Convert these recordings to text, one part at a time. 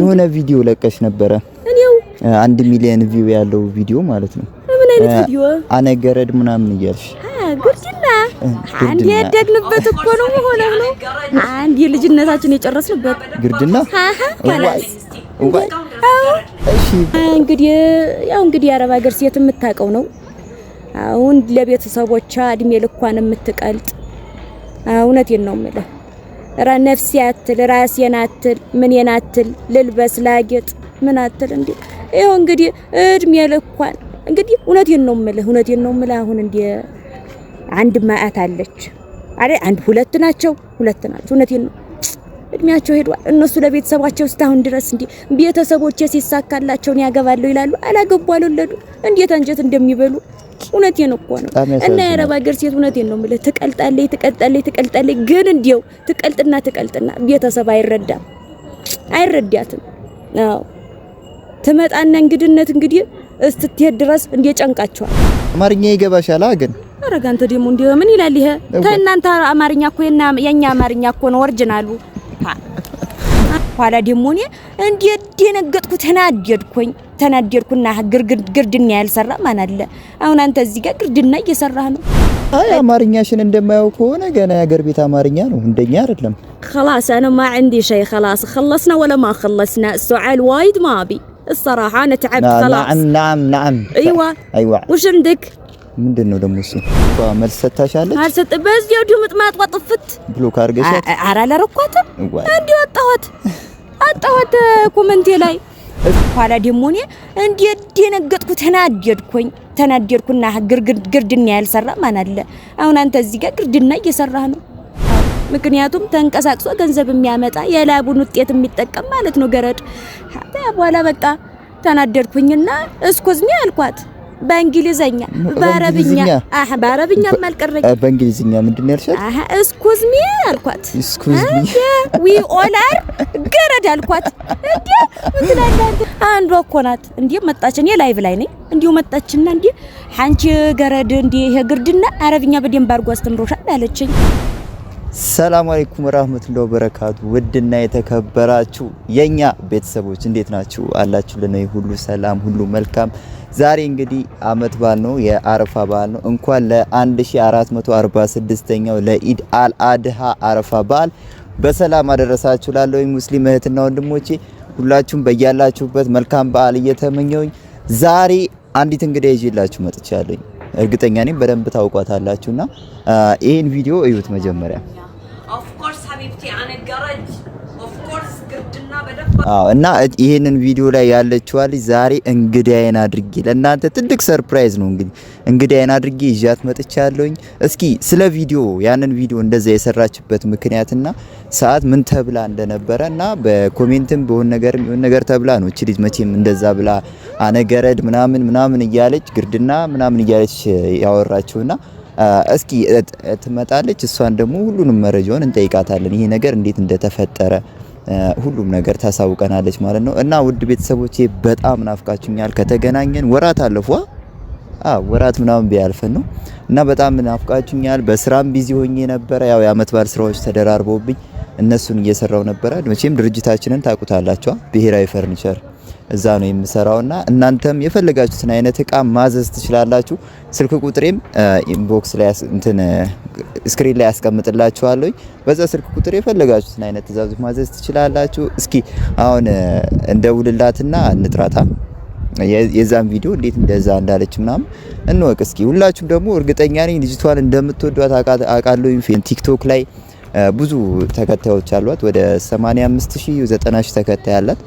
የሆነ ቪዲዮ ለቀሽ ነበረ። አንድ ሚሊዮን ቪው ያለው ቪዲዮ ማለት ነው። ምን አይነት ቪዲዮ? አነገረድ ምናምን እያልሽ ግርድና አንድ ያደግንበት እኮ ነው ሆነ ነው አንድ የልጅነታችን የጨረስንበት ግርድና እንግዲህ ያው እንግዲህ የአረብ ሀገር ሴት የምታውቀው ነው። አሁን ለቤተሰቦቿ እድሜ ልኳን የምትቀልጥ እውነቴን ነው የምልህ ነፍሴ ያትል ራስ የናትል ምን የናትል ልልበስ ላጌጥ ምን አትል እንዴ ይኸው እንግዲህ እድሜ ልኳን እንግዲህ እውነቴን ነው የምልህ እውነቴን ነው የምልህ አሁን እንደ አንድ ማአት አለች አይደል አንድ ሁለት ናቸው ሁለት ናቸው እውነቴን ነው እድሜያቸው ሄዷል እነሱ ለቤተሰባቸው እስካሁን ድረስ እንዴ ቤተሰቦቼ ሲሳካላቸውን ያገባለሁ ይላሉ አላገቡ አልወለዱ እንዴት አንጀት እንደሚበሉ እውነቴን እኮ ነው። እና የአረብ ሀገር ሴት እውነቴን ነው የምልህ ትቀልጣለች፣ ትቀልጣለች፣ ትቀልጣለች። ግን እንዲያው ትቀልጥና ትቀልጥና ቤተሰብ አይረዳም፣ አይረዳትም። አዎ ትመጣና እንግድነት እንግዲህ እስትሄድ ድረስ እንዴ ጨንቃቸዋል። አማርኛ ይገባሻል ግን አረጋ አንተ ደግሞ እንደ ምን ይላል ይሄ? ተናንተ አማርኛ እኮ የኛ አማርኛ እኮ ነው ኦርጅናሉ። ኋላ ደግሞ እኔ እንዴት ደነገጥኩ ተናደድኩኝ። ተናደድኩና ግርድና ያልሰራ ማን አለ? አሁን አንተ እዚህ ጋር ግርድና እየሰራህ ነው። አይ አማርኛሽን እንደማያውቅ ከሆነ ገና የሀገር ቤት አማርኛ ነው፣ እንደኛ አይደለም። خلاص انا ما عندي شيء خلاص خلصنا ولا ما خلصنا السؤال وايد ما ابي الصراحة أنا تعبت خلاص نعم نعم أيوة أيوة وش عندك؟ ምንድን ነው ደግሞ እሱ መልስ ሰታሻለች አልሰጥ በዚህ ያው ድምጥ ማጥዋ ጥፍት ብሎክ አድርገሻት ኧረ አላረኳትም እንዲሁ አጣኋት አጣኋት ኮመንቴ ላይ በኋላ ደግሞ እኔ እንዴት ደነገጥኩ፣ ተናደድኩኝ። ተናደድኩና ግርድና ያልሰራ ማን አለ? አሁን አንተ እዚህ ጋር ግርድና እየሰራህ ነው። ምክንያቱም ተንቀሳቅሶ ገንዘብ የሚያመጣ የላቡን ውጤት የሚጠቀም ማለት ነው ገረድ። በኋላ በቃ ተናደድኩኝና እስኩዝሚ አልኳት። በእንግሊዘኛ በአረብኛ አህ በአረብኛ ማልቀረኝ በእንግሊዝኛ ምንድን ነው ያልሻት? አህ እስኩዝ ሚ አልኳት። እስኩዝ ሚ ዊ ኦል አር ገረድ አልኳት። እንዴ አንዷ እኮ ናት እንዴ መጣች። እኔ ላይቭ ላይ ነኝ። እንዲሁ መጣችና እንዴ አንቺ ገረድ እንዴ ይሄ ግርድና አረብኛ በደንብ አድርጎ አስተምሮሻል አለችኝ። ሰላም አለይኩም ወራህመቱላሂ ወበረካቱ። ውድና የተከበራችሁ የኛ ቤተሰቦች እንዴት ናችሁ? አላችሁ ሁሉ ሰላም ሁሉ መልካም ዛሬ እንግዲህ አመት በዓል ነው፣ የአረፋ በዓል ነው። እንኳን ለ1446ኛው ለኢድ አልአድሃ አረፋ በዓል በሰላም አደረሳችሁ። ላለው ሙስሊም እህትና ወንድሞቼ ሁላችሁም በያላችሁበት መልካም በዓል እየተመኘውኝ ዛሬ አንዲት እንግዳ ይዤላችሁ መጥቻለሁ። እርግጠኛ ነኝ በደንብ ታውቋታላችሁና ይህን ቪዲዮ እዩት መጀመሪያ ኦፍኮርስ ሀቢብቲ አነገረጅ አዎ። እና ይሄንን ቪዲዮ ላይ ያለችዋ ልጅ ዛሬ እንግዳዬን አድርጌ ለእናንተ ትልቅ ሰርፕራይዝ ነው። እንግዲህ እንግዳዬን አድርጌ ይዣት መጥቻለሁኝ። እስኪ ስለ ቪዲዮ ያንን ቪዲዮ እንደዛ የሰራችበት ምክንያትና ሰዓት ምን ተብላ እንደነበረ እና በኮሜንትም በሆን ነገር የሆነ ነገር ተብላ ነው እቺ ልጅ መቼም እንደዛ ብላ አነገረድ ምናምን ምናምን እያለች ግርድና ምናምን እያለች ያወራችውና እስኪ ትመጣለች። እሷን ደግሞ ሁሉንም መረጃውን እንጠይቃታለን፣ ይሄ ነገር እንዴት እንደተፈጠረ ሁሉም ነገር ታሳውቀናለች ማለት ነው። እና ውድ ቤተሰቦቼ በጣም ናፍቃችኛል። ከተገናኘን ወራት አለፏ ወራት ምናምን ቢያልፈን ነው እና በጣም ናፍቃችኛል። በስራም ቢዚ ሆኜ ነበረ። ያው የአመት በዓል ስራዎች ተደራርበውብኝ እነሱን እየሰራው ነበረ። መቼም ድርጅታችንን ታውቁታላችኋ፣ ብሔራዊ ፈርኒቸር እዛ ነው የምሰራውና እናንተም የፈለጋችሁትን አይነት እቃ ማዘዝ ትችላላችሁ። ስልክ ቁጥሬም ኢንቦክስ ላይ እንትን ስክሪን ላይ አስቀምጥላችኋለሁ። በዛ ስልክ ቁጥር የፈለጋችሁትን አይነት ትእዛዞች ማዘዝ ትችላላችሁ። እስኪ አሁን እንደውልላትና እንጥራታ የዛን ቪዲዮ እንዴት እንደዛ እንዳለች ምናምን እንወቅ እስኪ። ሁላችሁም ደግሞ እርግጠኛ ነኝ ልጅቷን እንደምትወዷት አውቃለሁ። ቲክቶክ ላይ ብዙ ተከታዮች አሏት። ወደ 85 ሺህ 90 ሺህ ተከታይ አላት።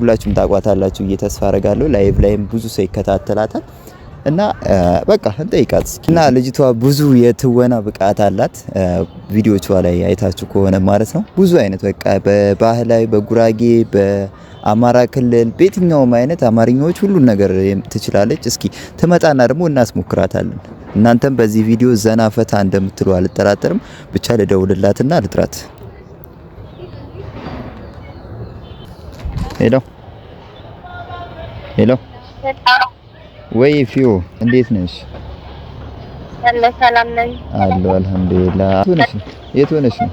ሁላችሁም ታቋታላችሁ ብዬ ተስፋ አረጋለሁ። ላይቭ ላይም ብዙ ሰው ይከታተላታል እና በቃ እንጠይቃት እና ልጅቷ ብዙ የትወና ብቃት አላት። ቪዲዮቿ ላይ አይታችሁ ከሆነ ማለት ነው ብዙ አይነት በቃ በባህላዊ፣ በጉራጌ፣ በአማራ ክልል በየትኛውም አይነት አማርኛዎች ሁሉን ነገር ትችላለች። እስኪ ትመጣና ደግሞ እናስሞክራታለን። እናንተም በዚህ ቪዲዮ ዘና ፈታ እንደምትሉ አልጠራጠርም። ብቻ ልደውልላትና ልጥራት። ሄሎ ሄሎ፣ ወይ ፊዮ እንዴት ነሽ? ሰላም ነኝ አልሐምዱሊላህ። የት ሆነሽ ነው?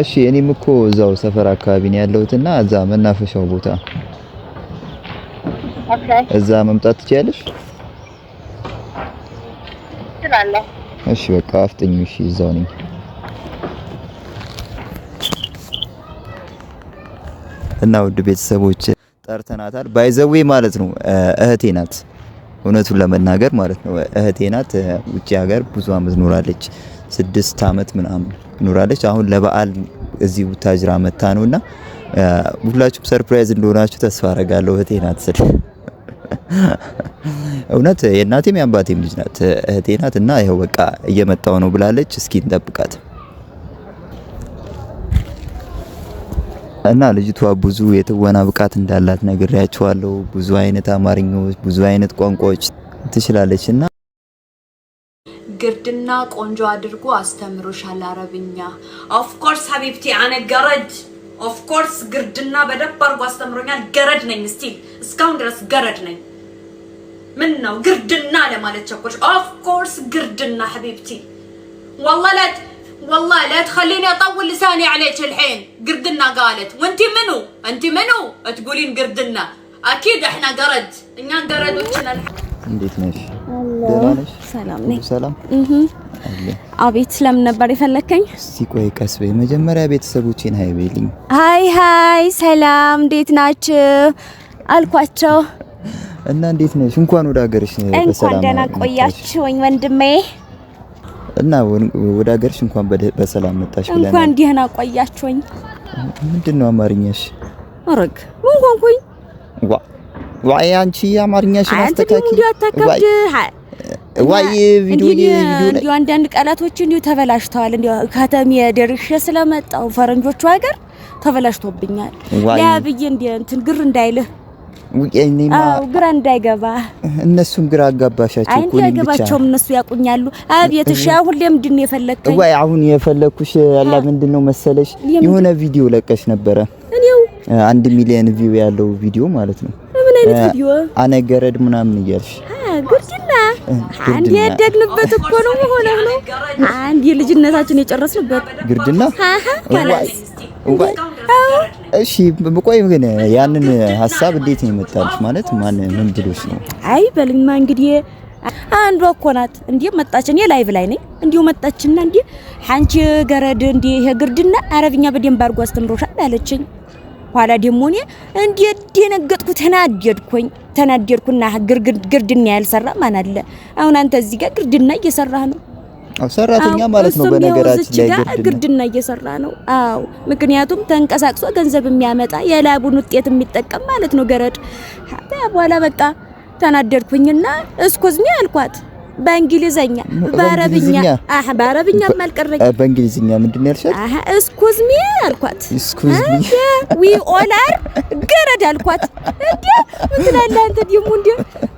እሺ እኔም እኮ እዛው ሰፈር አካባቢ ነው ያለሁትና እዛ መናፈሻው ቦታ እዛ መምጣት ትችያለሽ? እሺ በቃ አፍጥኝ። እሺ እዛው ነኝ። እና ውድ ቤተሰቦች ጠርተናታል። ባይዘዌ ማለት ነው እህቴ ናት፣ እውነቱን ለመናገር ማለት ነው እህቴ ናት። ውጭ ሀገር ብዙ አመት ኖራለች፣ ስድስት አመት ምናምን ኖራለች። አሁን ለበዓል እዚህ ቡታጅራ መታ ነውና ሁላችሁም ሰርፕራይዝ እንደሆናችሁ ተስፋ አረጋለሁ። እህቴ ናት ስል እውነት የእናቴም የአባቴም ልጅ ናት፣ እህቴ ናት። እና ይኸው በቃ እየመጣው ነው ብላለች። እስኪ እንጠብቃት። እና ልጅቷ ብዙ የትወና ብቃት እንዳላት ነግሬያቸዋለሁ። ብዙ አይነት አማርኛዎች፣ ብዙ አይነት ቋንቋዎች ትችላለች እና ግርድና ቆንጆ አድርጎ አስተምሮሻል አረብኛ። ኦፍኮርስ ሀቢብቲ አነ ገረድ ኦፍኮርስ ግርድና በደንብ አድርጎ አስተምሮኛል። ገረድ ነኝ ስቲል እስካሁን ድረስ ገረድ ነኝ። ምን ነው ግርድና ለማለት ቸኮች? ኦፍኮርስ ግርድና ሀቢብቲ ወላላት والله لا تخليني اطول لساني عليك الحين قردنا قالت وانت منو انت منو تقولين قردنا اكيد احنا قرد እኛ قردوችنا እንዴት ነሽ ሰላም ነኝ ሰላም አቤት ስለምን ነበር የፈለከኝ እስቲ ቀስ በይ መጀመሪያ ቤተሰቦቼን ሀይ በይልኝ ሀይ ሀይ ሰላም እንዴት ናችሁ አልኳቸው እና እንዴት ነሽ እንኳን ወደ ሀገርሽ እንኳን ደህና ቆያችሁኝ ወንድሜ እና ወደ ሀገርሽ እንኳን በሰላም መጣሽ ብለናል። እንኳን ደህና ቆያችሁኝ። ምንድን ነው አማርኛሽ? አረግ ምን ሆንኩኝ? ዋ ዋይ፣ አንቺ አማርኛሽ አስተካኪ። ዋይ ቪዲዮ ቪዲዮ አንዳንድ ቃላቶች እንዲሁ ተበላሽተዋል። እንዲሁ ከተሜ ደርሼ ስለመጣሁ ፈረንጆቹ ሀገር ተበላሽቶብኛል። ያ ብዬ እንትን ግር እንዳይልህ ግራ እንዳይገባ እነሱም ግራ አጋባሻቸው። አይ እንዳይገባቸውም እነሱ ያቁኛሉ። አቤት እሺ። አሁን ለምንድን ነው የፈለግከኝ? ወይ አሁን የፈለግኩሽ ያላ ምንድን ነው መሰለሽ የሆነ ቪዲዮ ለቀሽ ነበረ። እኔው አንድ ሚሊዮን ቪው ያለው ቪዲዮ ማለት ነው። ምን አይነት ቪዲዮ? አነገረድ ምናምን እያልሽ ግርድና አንድ ያደግንበት እኮ ነው ሆነ ነው አንድ የልጅነታችን የጨረስንበት ግርድና እሺ ቆይ ግን ያንን ሀሳብ እንዴት ነው የመጣልሽ? ማለት ማን ምን ብሎሽ ነው? አይ በልማ እንግዲህ አንዷ እኮ ናት እንዴ መጣች። እኔ ላይቭ ላይ ነኝ እንዲሁ መጣችና እንዴ አንቺ ገረድ እንዴ ይሄ ግርድና አረብኛ በደንብ አድርጎ አስተምሮሻል አለችኝ። ኋላ ደግሞ እኔ እንዴ ደነገጥኩ፣ ተናደድኩኝ ተናደድኩና ግርድና ያልሰራ ማን አለ አሁን? አንተ እዚህ ጋር ግርድና እየሰራህ ነው ሰራተኛ ማለት ነው። በነገራችን ላይ ግርድና እየሰራ ነው። አዎ ምክንያቱም ተንቀሳቅሶ ገንዘብ የሚያመጣ የላቡን ውጤት የሚጠቀም ማለት ነው። ገረድ በኋላ በቃ ተናደድኩኝና እስኩዝኛ አልኳት በእንግሊዘኛ በአረብኛ አህ በአረብኛ ማልቀረኝ በእንግሊዘኛ ምንድን ነው ያልሽ? አህ እስኩዝ ሚ አልኳት። እስኩዝ ሚ ዊ ኦላር ገረድ አልኳት። እንዴ ምን ትላለህ አንተ ደግሞ? እንዴ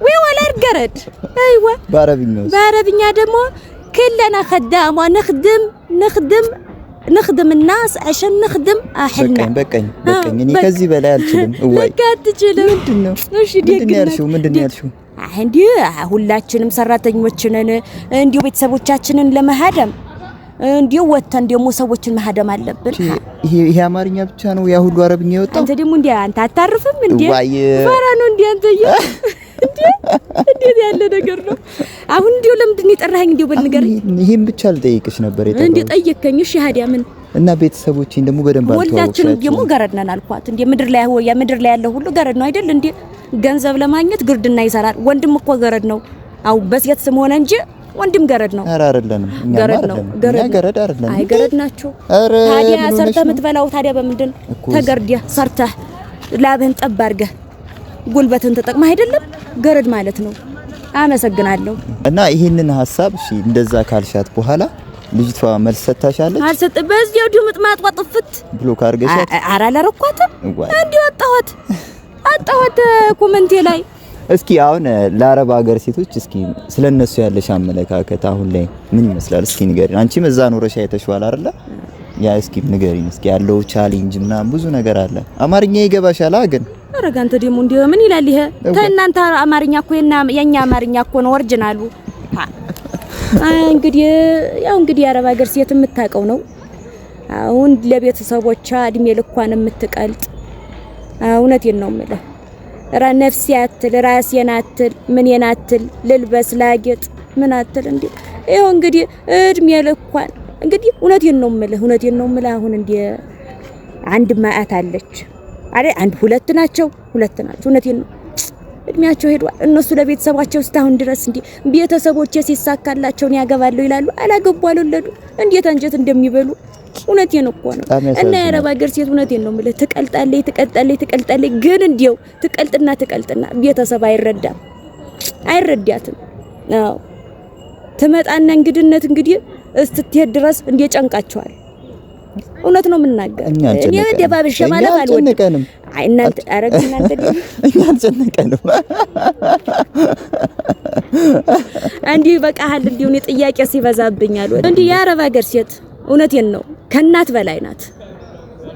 ዊ ኦላር ገረድ። አይዋ በአረብኛ በአረብኛ ደግሞ كلنا خدام ونخدم نخدم نخدم الناس عشان نخدم احلنا በቃኝ በቃኝ በቃኝ እኔ ከዚህ በላይ አልችልም። ወይ በቃ አትችልም። ምንድነው? እሺ ምንድነው ያልሽው? ምንድነው ያልሽው? ሁላችንም ሰራተኞችንን እንዲሁ ቤተሰቦቻችንን ለመሃደም እንዲሁ ወተን ደግሞ ሰዎችን መሃደም አለብን። ይሄ አማርኛ ብቻ ነው ያ ሁሉ አረብኛ የወጣው። አንተ ደግሞ እንዴ አንተ አታርፍም እንዴ? ፈራ ነው እንዴ አንተ? እንዴ እንዴ ያለ ነገር ነው ለምን በል ይሄን ብቻ ልጠይቅሽ ነበር እንዴ እሺ ሀዲያ ምን እና ቤተሰቦቼን ደግሞ በደንብ ደግሞ ገረድ ነን አልኳት። እንዴ ምድር ላይ ያው ላይ ያለው ሁሉ ገረድ ነው አይደል? እንዴ ገንዘብ ለማግኘት ግርድና ይሰራል። ወንድም እኮ ገረድ ነው። አው በሴት ስም ሆነ እንጂ ወንድም ገረድ ነው። ኧረ አይደለንም፣ ገረድ አይደለንም። አይ ገረድ ናቸው። ታዲያ ሰርተህ የምትበላው ታዲያ በምንድን ሰርተህ ላብህን ጠብ አድርገህ ተጠቅመህ አይደለም ገረድ ማለት ነው። አመሰግናለሁ። እና ይህንን ሀሳብ እሺ፣ እንደዛ ካልሻት በኋላ ልጅቷ መልስ ሰታሻለች? አልሰጥም። በዚያው ድምጥ ማጥቋ ጥፍት ብሎክ አድርገሻት? ኧረ አላረኳትም። እንዲሁ አጣኋት አጣኋት ኮመንቴ ላይ እስኪ አሁን ለአረብ ሀገር ሴቶች እስኪ ስለነሱ ያለሽ አመለካከት አሁን ላይ ምን ይመስላል? እስኪ ንገሪን። አንቺም እዛ ኖረሽ አይተሽዋል አይደለ? ያ እስኪ ንገሪን እስኪ ያለው ቻሌንጅ ምናምን ብዙ ነገር አለ። አማርኛ ይገባሻል ግን አረጋ አንተ ደግሞ እንዲህ ምን ይላል ይሄ? ተናንተ አማርኛ እኮ የና የኛ አማርኛ እኮ ነው ኦሪጅናሉ። እንግዲህ ያው እንግዲህ የአረብ ሀገር ሴት የምታውቀው ነው። አሁን ለቤተሰቦቿ እድሜ ልኳን የምትቀልጥ እውነቴን ነው የምልህ። ራ ነፍሴ አትል ራሴን አትል ምን አትል ልልበስ ላጌጥ ምን አትል እንዴ! ይኸው እንግዲህ እድሜ ልኳን እንግዲህ እውነቴን ነው የምልህ እውነቴን ነው የምልህ። አሁን እንዲህ አንድ ማአት አለች አረ አንድ ሁለት ናቸው፣ ሁለት ናቸው። እውነቴን ነው። እድሜያቸው ሄዷል። እነሱ ለቤተሰባቸው እስካሁን ድረስ እንዴ ቤተሰቦቼ ሲሳካላቸውን ያገባለሁ ይላሉ። አላገቡ አልወለዱ፣ እንዴት አንጀት እንደሚበሉ እውነቴን እኮ ነው። እና የአረብ ሀገር ሴት እውነቴን ነው የምልህ ትቀልጣለች፣ ትቀልጣለች፣ ትቀልጣለች። ግን እንዲያው ትቀልጥና ትቀልጥና ቤተሰብ አይረዳም፣ አይረዳትም። አዎ ትመጣና እንግድነት እንግዲህ እስትትሄድ ድረስ እንዴ ጨንቃቸዋል። እውነት ነው የምናገር። እኔ ደባብሼ ማለት አልወድም። እናንተ አረግ እናንተ እኛ አልጨነቀንም። እንዲሁ ይበቃሃል። እንዲሁ እኔ ጥያቄ ሲበዛብኝ አልወድም። እንዲሁ የአረብ ሀገር ሴት እውነቴን ነው ከእናት በላይ ናት።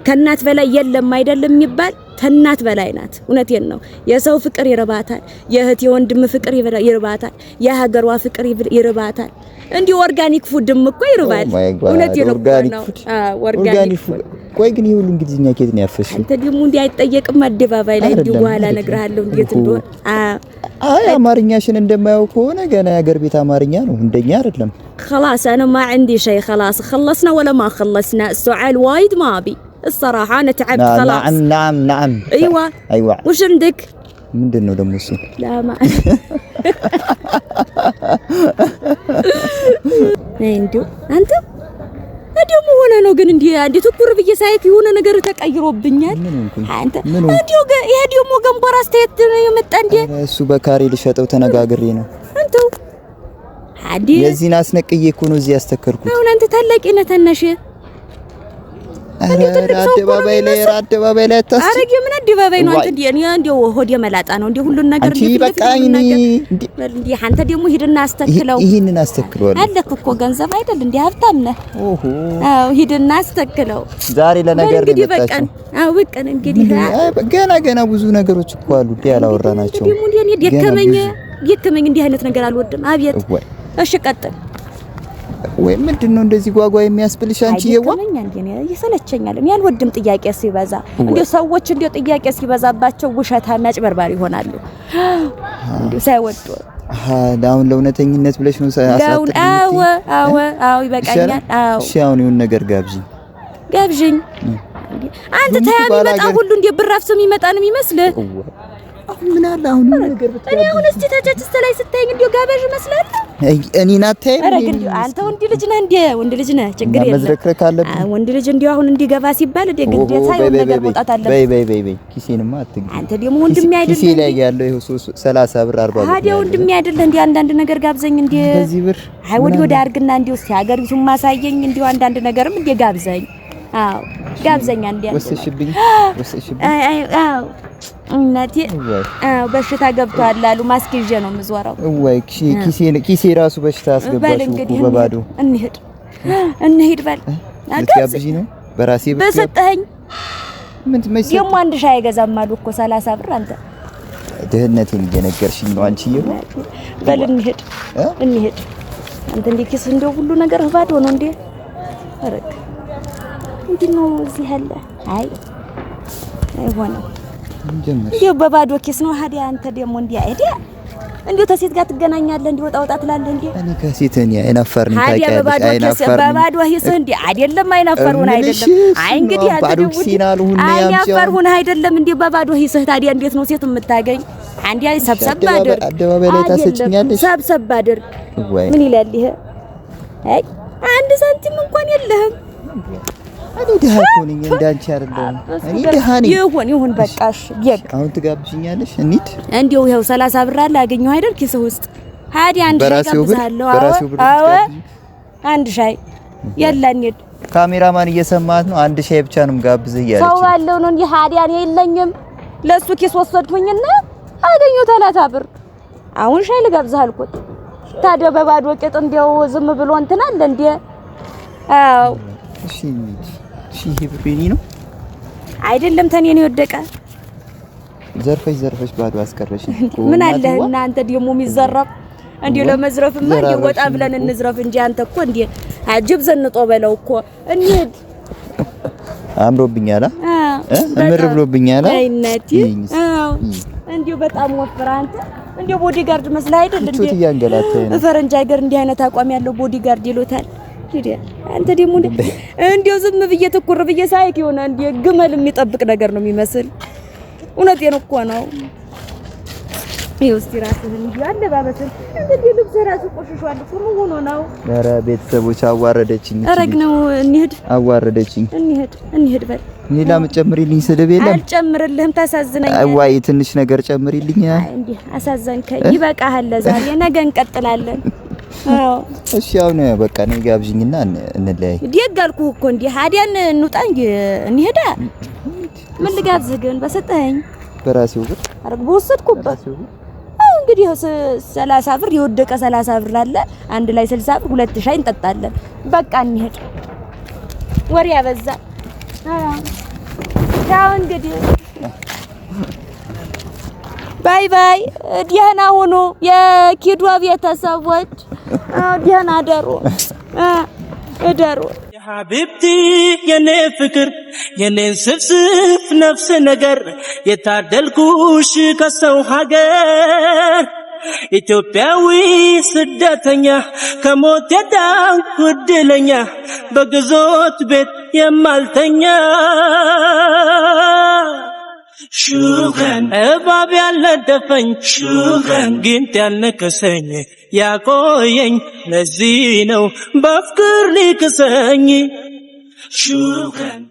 ከእናት በላይ የለም አይደለም የሚባል ከእናት በላይ ናት። እውነቴን ነው። የሰው ፍቅር ይርባታል። የእህት የወንድም ፍቅር ይርባታል። የሀገሯ ፍቅር ይርባታል። እንዲህ ኦርጋኒክ ፉድም እኮ ይርባል። oh እውነቴን ነው። ኦርጋኒክ ፉድ ቆይ ግን ይሁሉ እንግዲህ እኛ ኬት ነው ያፈሽ አንተ ደግሞ እንዲህ አይጠየቅም። አደባባይ ላይ እንዲህ በኋላ እነግርሃለሁ እንዴት እንደሆነ። አይ አማርኛሽን እንደማያውቅ ከሆነ ገና የሀገር ቤት አማርኛ ነው እንደኛ አይደለም። خلاص انا ما عندي شيء خلاص خلصنا ولا ما خلصنا السؤال وايد ما ابي الصراحة أنا تعبت خلاص نعم نعم نعم أيوة أيوة وش عندك ምንድን ነው ደግሞ እሱ? እንዲሁ አንተ እንዲሁ ምን ሆነ ነው ግን እንዲህ አንዴ ትኩር ብዬ ሳይክ የሆነ ነገር ተቀይሮብኛል። አንተ እንዲሁ ይሄ ደግሞ ገንቦራ አስተያየት ነው የመጣ እንዴ? እሱ በካሬ ልሸጠው ተነጋግሬ ነው። አንተ አንዴ የዚህን አስነቅዬ እኮ ነው እዚህ ያስተከርኩት። አሁን አንተ ታላቂ ነህ ታናሽ አደባባይ ላይ አደባባይ ላይ ታስ አረግ ምን አደባባይ ነው? አንተ እንደው ሆዴ መላጣ ነው እንዴ? ሁሉን ነገር አንተ ደግሞ ሂድና አስተክለው። ይሄንን አስተክለዋለሁ አለክ እኮ ገንዘብ አይደል እንዴ? ሀብታም ነህ። አዎ ሂድና አስተክለው። ዛሬ ለነገር ነው መጣችው። አዎ በቀን እንግዲህ ገና ገና ብዙ ነገሮች እኮ አሉ እንዴ ያላወራናቸው። ደግሞ እንዴ ደከመኝ ደከመኝ እንዲህ አይነት ነገር አልወድም። አቤት እሺ ቀጥል ወይም ምንድን ነው እንደዚህ ጓጓ የሚያስብልሽ አንቺ? የዋ ይሰለቸኛል። እኔ አልወድም ጥያቄ ሲበዛ። እንዲያው ሰዎች እንዲያው ጥያቄ ሲበዛባቸው ውሸታና አጭበርባሪ ይሆናሉ ሳይወዱ። አሁን ለእውነተኝነት ብለሽ ነው ሳያሳጥ። አዎ አዎ አዎ፣ ይበቃኛል። አዎ እሺ፣ አሁን ይሁን ነገር ጋብዥኝ፣ ጋብዥኝ። አንተ ታያ የሚመጣ ሁሉ እንደ ብራፍ ሰው የሚመጣ ነው የሚመስልህ? አሁን ምን አለ አሁን ነገር ብትይ፣ እኔ አሁን እስቲ ተጨጭስተ ላይ ስታይኝ እንዲሁ ጋበዥ እመስላለሁ። እኔን አታይም? ኧረ ግን አንተ ወንድ ልጅ ነህ እንዴ? ወንድ ልጅ ነህ፣ ችግር የለም መዝረክረክ አለብህ። ወንድ ልጅ እንዲሁ አሁን እንዲገባ ሲባል እንደ ግዴታ የሆነ ነገር መውጣት አለብህ። በይ በይ በይ በይ፣ ኪሴንማ አትግቢ። አንተ ደግሞ ወንድሜ አይደለህ? ኪሴ ላይ ያለው ይኸው 30 ብር 40 ብር። ታዲያ ወንድሜ አይደለህ እንዴ? አንዳንድ ነገር ጋብዘኝ እንዴ። በዚህ ብር አይ ወዲህ ወዲህ አድርግና እንዲሁ እስቲ ሀገሪቱን ማሳየኝ እንዲሁ አንዳንድ ነገርም እንዴ ጋብዘኝ። አዎ ጋብዘኛ እንዲያስሽብኝ እናቴ በሽታ ገብቷል አሉ። ማስክ ይዤ ነው የምዞረው። ኪሴ ራሱ በሽታ አስገባሽ በባዶ። እንሂድ እንሂድ በል ልትጋብዥ ነው? በራሴ በሰጠኸኝ ምን ትመስል ደግሞ አንድ ሻይ አይገዛም አሉ እኮ ሰላሳ ብር አንተ ድህነቴን እየነገርሽኝ ነው አንቺዬ። በል እንሂድ እንሂድ። አንተ እንደ ኪስ እንደው ሁሉ ነገር ባዶ ነው እንዴ? አረክ ምንድን ነው እዚህ ያለ? አይ አይሆንም። እንዲያው በባዶ ኬስ ነው ሀዲያ። አንተ ደግሞ እንዲያ አይዲያ እንዲሁ ተሴት ጋር ትገናኛለህ፣ እንዲሁ ወጣ ወጣ ትላለህ። እንዴ? እኔ ከሴት እኔ አይናፈር ነው ታውቂያለሽ። በባዶ ኬስ እንዴ? አይደለም አይናፈር ሁን አይደለም። አይ እንግዲህ አንተ አይናፈር ሁን አይደለም። እንዴ? በባዶ ኬስ ታዲያ እንዴት ነው ሴት የምታገኝ? አንዴ አይ ሰብሰብ አድርግ፣ አደባባይ ላይ ታሰጭኛለሽ። ሰብሰብ አድርግ። ምን ይላል ይሄ? አይ አንድ ሳንቲም እንኳን የለህም። እኔ ድሃ እኮ ነኝ፣ እንዳንቺ አይደለሁም። እኔ ድሃ ነኝ። ይሁን ይሁን፣ በቃሽ። የት አሁን ትጋብዥኛለሽ? እንሂድ። እንዲሁ ይኸው ሰላሳ ብር አለ አገኘሁ አይደል ኪስህ ውስጥ ሀዲ አንድ ጋብዛለሁ። አዎ አንድ ሻይ የለ ካሜራማን እየሰማት ነው። አንድ ሻይ ብቻ ነው ጋብዝ እያለች ሰው ባለው ነው እንጂ ሀዲያን የለኝም። ለሱ ኪስ ወሰድኩኝና አገኘሁ ሰላሳ ብር። አሁን ሻይ ልጋብዝህ አልኩት። ታዲያ በባዶ ቅጥ እንዲያው ዝም ብሎ እንትን አለ እንዴ? አዎ እሺ ይሄ ብር ነው አይደለም፣ ተኔ ነው የወደቀ። ዘርፈሽ ዘርፈሽ ባዶ አስቀረሽ። ምን አለ እናንተ ደግሞ የሚዘረፍ እንዴ? ለመዝረፍ እንዴ ወጣ ብለን እንዝረፍ እንጂ አንተ እኮ እንዴ አጅብ ዘንጦ በለው እኮ እንሂድ። አምሮብኛል፣ እምር ብሎብኛል። አይ እናቴ፣ እንዴ በጣም ወፍራ አንተ እንዴ ቦዲጋርድ መስላ አይደል እንዴ? ፈረንጅ ሀገር እንዲህ አይነት አቋም ያለው ቦዲጋርድ ይሉታል። አንተ ደግሞ ዝም ብዬ ትኩር ብዬ ሳይክ የሆነ ግመል የሚጠብቅ ነገር ነው የሚመስል። እውነቴን እኮ ነው። ይኸው እስኪ እራስህን አለባበስህን እንግዲህ እራሱ ቆሽሿል እኮ ምን ሆኖ ነው? ኧረ ቤተሰቦች አዋረደችኝ። ነው እንሂድ። አዋረደችኝ። እንሂድ እንሂድ። በል ሌላ ስድብ የለም? አልጨምርልህም። ትንሽ ነገር ጨምሪልኝ። አሳዘንከኝ። ይበቃሃል ለዛሬ። ነገ እንቀጥላለን። እሺ አሁን በቃ ነው ጋብዥኝና እንለያይ። ደግ እኮ እንዴ ሀዲያን እንውጣ እንሄዳ። ምን ልጋብዝህ ግን በሰጠኝ በራሴው ብር አረግ በወሰድኩበት እንግዲህ 30 ብር የወደቀ 30 ብር አለ አንድ ላይ 60 ብር ሁለት ሻይ እንጠጣለን። በቃ እንሄድ። ወሬ ያበዛ ያው እንግዲህ ባይ ባይ። ደህና ሁኑ የኪዱ ቤተሰቦች። ደህና ደሩ እደሩ የሀቢብቲ የኔ ፍቅር የኔን ስፍስፍ ነፍስ ነገር የታደልኩሽ ከሰው ሀገር ኢትዮጵያዊ ስደተኛ ከሞት የዳንኩ ዕድለኛ በግዞት ቤት የማልተኛ ሹኸን እባብ ያልነደፈኝ ሹኸን ጊንጥ ያልነከሰኝ ያቆየኝ ለዚህ ነው በፍቅር ሊክሰኝ ሹኸን